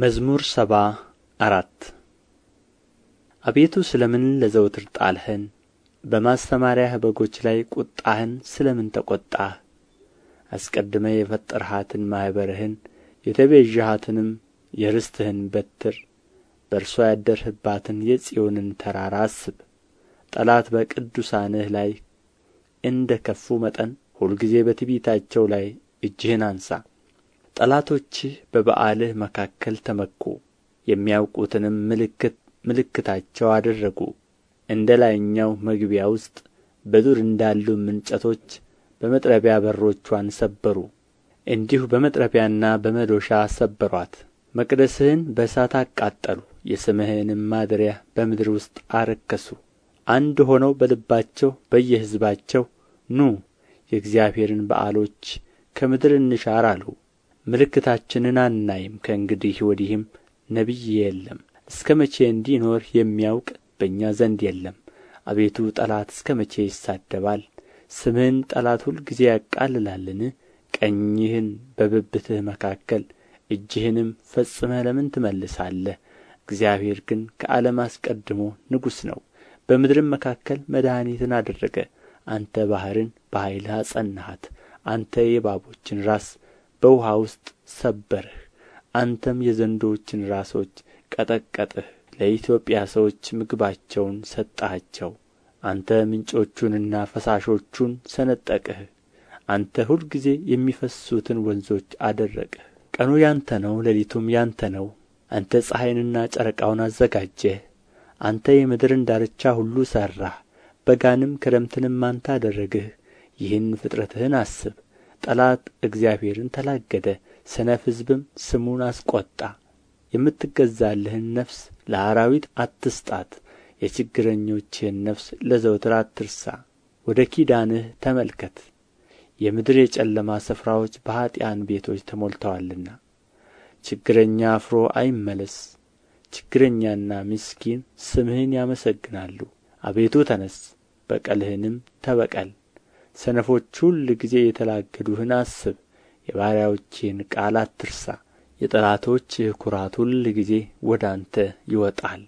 መዝሙር ሰባ አራት አቤቱ ስለ ምን ለዘወትር ጣልኸን በማስተማሪያህ በጎች ላይ ቍጣህን ስለ ምን ተቈጣህ አስቀድመህ የፈጠርሃትን ማኅበርህን የተቤዥሃትንም የርስትህን በትር በእርሷ ያደርህባትን የጽዮንን ተራራ አስብ ጠላት በቅዱሳንህ ላይ እንደ ከፉ መጠን ሁልጊዜ በትቢታቸው ላይ እጅህን አንሣ ጠላቶችህ በበዓልህ መካከል ተመኩ የሚያውቁትንም ምልክት ምልክታቸው አደረጉ እንደ ላይኛው መግቢያ ውስጥ በዱር እንዳሉ እንጨቶች በመጥረቢያ በሮቿን ሰበሩ እንዲሁ በመጥረቢያና በመዶሻ ሰበሯት መቅደስህን በእሳት አቃጠሉ የስምህንም ማደሪያ በምድር ውስጥ አረከሱ አንድ ሆነው በልባቸው በየሕዝባቸው ኑ የእግዚአብሔርን በዓሎች ከምድር እንሻር አሉ ምልክታችንን አናይም ከእንግዲህ ወዲህም ነቢይ የለም እስከ መቼ እንዲኖር የሚያውቅ በእኛ ዘንድ የለም አቤቱ ጠላት እስከ መቼ ይሳደባል ስምህን ጠላት ሁልጊዜ ያቃልላልን ቀኝህን በብብትህ መካከል እጅህንም ፈጽመህ ለምን ትመልሳለህ እግዚአብሔር ግን ከዓለም አስቀድሞ ንጉሥ ነው በምድርም መካከል መድኃኒትን አደረገ አንተ ባሕርን በኃይልህ አጸናሃት አንተ የእባቦችን ራስ በውኃ ውስጥ ሰበርህ አንተም የዘንዶዎችን ራሶች ቀጠቀጥህ ለኢትዮጵያ ሰዎች ምግባቸውን ሰጠሃቸው አንተ ምንጮቹንና ፈሳሾቹን ሰነጠቅህ አንተ ሁልጊዜ የሚፈስሱትን ወንዞች አደረቅህ ቀኑ ያንተ ነው ሌሊቱም ያንተ ነው አንተ ፀሐይንና ጨረቃውን አዘጋጀህ አንተ የምድርን ዳርቻ ሁሉ ሠራህ በጋንም ክረምትንም አንተ አደረግህ ይህን ፍጥረትህን አስብ ጠላት እግዚአብሔርን ተላገደ ሰነፍ ሕዝብም ስሙን አስቈጣ የምትገዛልህን ነፍስ ለአራዊት አትስጣት የችግረኞችህን ነፍስ ለዘወትር አትርሳ ወደ ኪዳንህ ተመልከት የምድር የጨለማ ስፍራዎች በኃጥኣን ቤቶች ተሞልተዋልና ችግረኛ አፍሮ አይመለስ ችግረኛና ምስኪን ስምህን ያመሰግናሉ አቤቱ ተነሥ በቀልህንም ተበቀል ሰነፎች ሁልጊዜ የተላገዱህን አስብ የባሪያዎችህን ቃል አትርሳ የጠላቶችህ ኵራት ሁልጊዜ ወደ አንተ ይወጣል